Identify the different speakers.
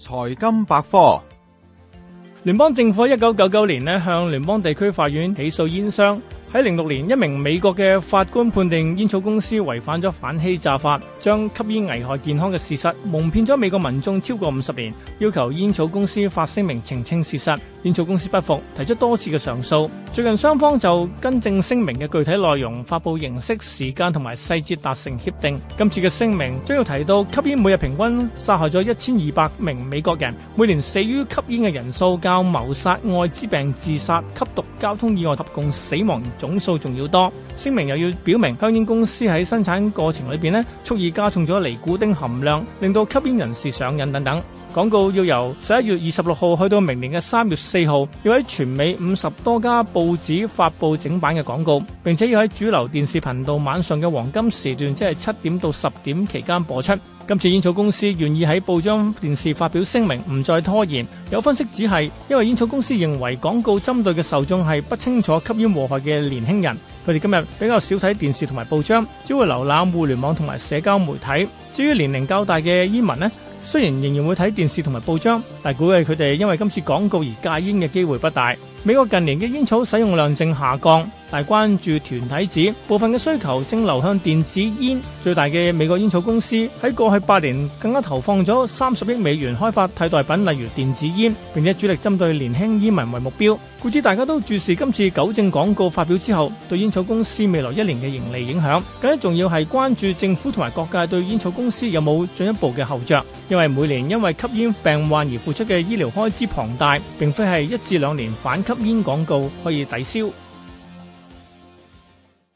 Speaker 1: 財金百科，聯邦政府一九九九年呢，向聯邦地區法院起訴煙商。喺零六年，一名美國嘅法官判定煙草公司違反咗反欺詐法，將吸煙危害健康嘅事實蒙騙咗美國民眾超過五十年，要求煙草公司發聲明澄清事實。煙草公司不服，提出多次嘅上訴。最近雙方就更正聲明嘅具體內容、發佈形式、時間同埋細節達成協定。今次嘅聲明將要提到吸煙每日平均殺害咗一千二百名美國人，每年死於吸煙嘅人數較謀殺、愛滋病、自殺、吸毒、交通意外合共死亡總數仲要多，聲明又要表明香煙公司喺生產過程裏邊咧，蓄意加重咗尼古丁含量，令到吸煙人士上癮等等。廣告要由十一月二十六號去到明年嘅三月四號，要喺全美五十多家報紙發布整版嘅廣告，並且要喺主流電視頻道晚上嘅黃金時段，即係七點到十點期間播出。今次煙草公司願意喺報章、電視發表聲明，唔再拖延。有分析指係因為煙草公司認為廣告針對嘅受眾係不清楚吸煙禍害嘅。年輕人，佢哋今日比較少睇電視同埋報章，只會瀏覽互聯網同埋社交媒體至於年齡較大嘅煙民呢？雖然仍然會睇電視同埋報章，但估計佢哋因為今次廣告而戒煙嘅機會不大。美國近年嘅煙草使用量正下降，但係關注團體指部分嘅需求正流向電子煙。最大嘅美國煙草公司喺過去八年更加投放咗三十億美元開發替代品，例如電子煙，並且主力針對年輕煙民為目標。故此，大家都注視今次糾正廣告發表之後對煙草公司未來一年嘅盈利影響。更加重要係關注政府同埋各界對煙草公司有冇進一步嘅後着。因為每年因為吸煙病患而付出嘅醫療開支龐大，並非係一至兩年反吸煙廣告可以抵消。